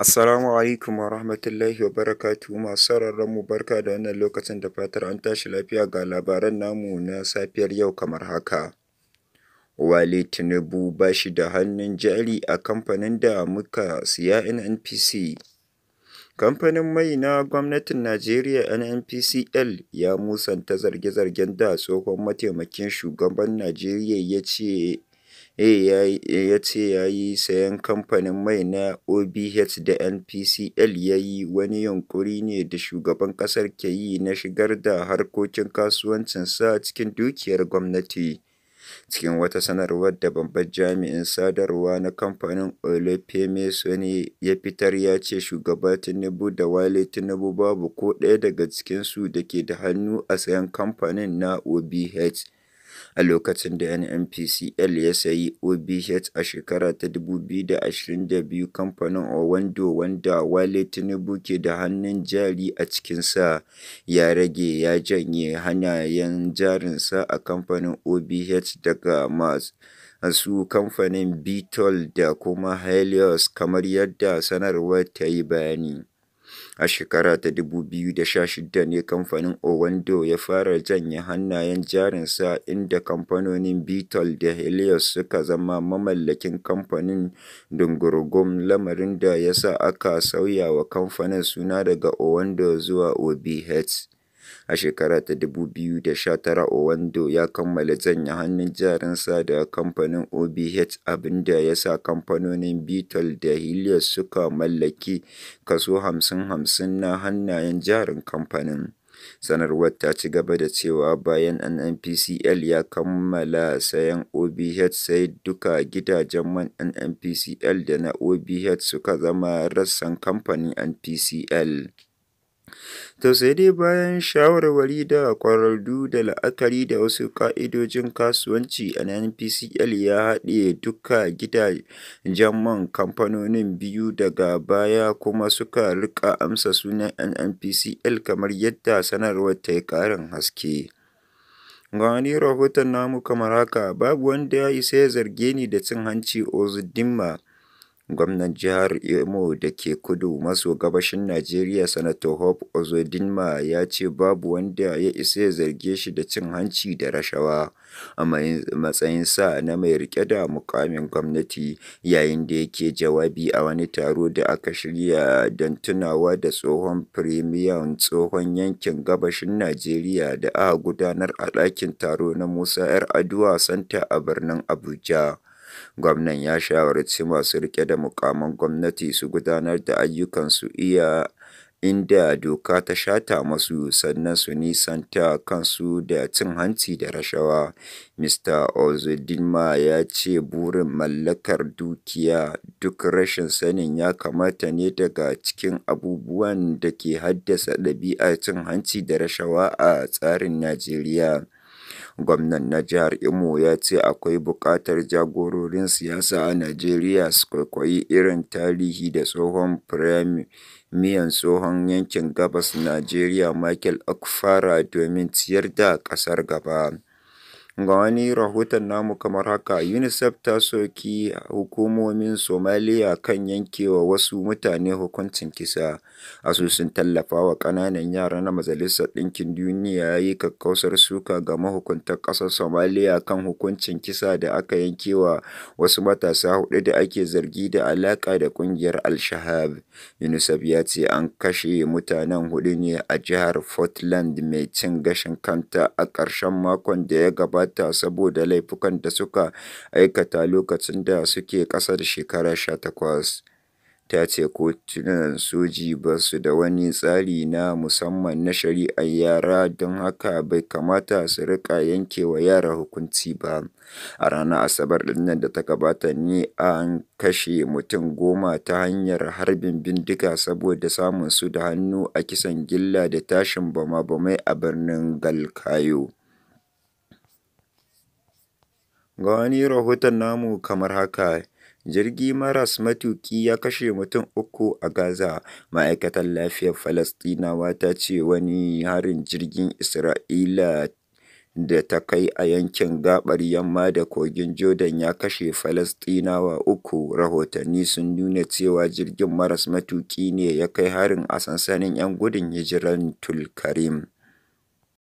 Assalamu alaikum wa rahmatullahi wa barakatuhu masu sauraron mu barka da wannan lokacin da fatar an tashi lafiya ga labaran namu na safiyar yau kamar haka. Wale Tinubu ba shi da hannun jari a kamfanin da muka siya NNPC. Kamfanin mai na gwamnatin Najeriya NNPCL ya musanta zarge-zargen da tsohon mataimakin shugaban Najeriya ya ce Eh, a eh, ya ce ya yi sayen kamfanin mai na OBH da NPCL ya yi "wani yunƙuri ne da shugaban ƙasar ke yi na shigar da harkokin kasuwancinsa cikin dukiyar gwamnati," cikin wata sanarwar da babban jami'in sadarwa na kamfanin Olufemi Sone ya fitar ya ce Shugaba Tinubu da Wale Tinubu babu ko ɗaya daga cikinsu da ke da hannu a sayen kamfanin na OBH. a lokacin da NNPCL ya sayi OBH a shekara ta 2022, kamfanin Oando wanda Wale Tinubu ke da hannun jari a cikinsa, ya rage ya janye hanayen jarinsa a kamfanin OBH daga Mars Asu kamfanin beetle da kuma Helios, kamar yadda sanarwar ta yi bayani. A shekara ta 2016 ne kamfanin owando ya fara janye hannayen jarinsa, inda kamfanonin Beetle da Helios suka zama mamallakin kamfanin Dungurugum lamarin da ya sa aka sauya wa kamfanin suna daga owando zuwa OBH. A shekara ta 2019, owando ya kammala janye hannun jarinsa da kamfanin OBH abinda da ya sa kamfanonin Betel da Helios suka mallaki kaso 50-50 na hannayen jarin kamfanin. Sanarwar ta ci gaba da cewa bayan NNPCL ya kammala sayan obh sai duka gidajen man NNPCL da na obh suka zama rassan kamfanin NPCL. To, sai dai bayan shawarwari da ƙwararru da la'akari da wasu ƙa'idojin kasuwanci, a npcl ya haɗe duka gidajen man kamfanonin biyu daga baya kuma suka rika amsa sunan NNPCL kamar yadda sanarwar ta yi ƙarin haske. Gwani rahoton namu kamar haka: Babu wanda ya isa ya zarge ni da cin hanci Dimma. Gwamnan Jihar Imo da ke kudu maso gabashin Najeriya, Sanato Hope Ozodinma ya ce babu wanda ya isa ya zarge shi da cin hanci da rashawa a matsayin sa na mai rike da mukamin gwamnati, yayin da yake jawabi a wani taro da aka shirya don tunawa da tsohon firimiyan tsohon yankin gabashin Najeriya da aka gudanar a ɗakin taro na Musa 'Yar'aduwa santa a birnin Abuja. Gwamnan ya shawarci masu riƙe da muƙaman gwamnati su gudanar da ayyukansu iya inda doka ta shata masu, sannan su nisanta kansu da cin hanci da rashawa. Mr. Ozodinma ya ce burin mallakar dukiya duk rashin sanin ya kamata ne daga cikin abubuwan da ke haddasa ɗabi'ar cin hanci da rashawa a tsarin Najeriya. Gwamnan na Jihar Imo ya ce akwai buƙatar jagororin siyasa a Najeriya su kwaikwayi irin tarihi da tsohon miyan Tsohon Yankin Gabas Najeriya Michael Okpara domin ciyar da ƙasar gaba. Ga wani rahoton namu kamar haka: UNICEF ta soki hukumomin Somaliya kan yankewa wasu mutane hukuncin kisa. Asusun Tallafawa kananan Yara na Majalisar Ɗinkin Duniya ya yi kakkausar suka ga mahukuntan ƙasar Somaliya kan hukuncin kisa da aka yankewa wasu matasa hudu da ake zargi da alaƙa da ƙungiyar alshahab UNICEF ya ce an kashe mutanen hudu ne a jihar fortland mai cin gashin kanta a ƙarshen makon da ya gabata. halatta saboda laifukan da suka aikata lokacin da suke kasar da shekara 18. Ta ce kotunan soji ba su da wani tsari na musamman na shari'ar yara don haka bai kamata su rika yanke wa yara hukunci ba. A ranar Asabar ɗinnan da ta gabata ne an kashe mutum goma ta hanyar harbin bindiga saboda samun su da hannu a kisan gilla da tashin bama-bamai a birnin Galkayo. Ga wani rahoton namu kamar haka: Jirgi maras matuƙi ya kashe mutum uku a Gaza, Ma'aikatar Lafiyar Falasɗinawa ta ce wani harin jirgin Isra'ila da ta kai a yankin gaɓar yamma da kogin Jordan ya kashe Falasɗinawa uku. Rahotanni sun nuna cewa jirgin maras matuƙi ne ya kai harin a sansanin 'yan gudun hijiran Tulkarim.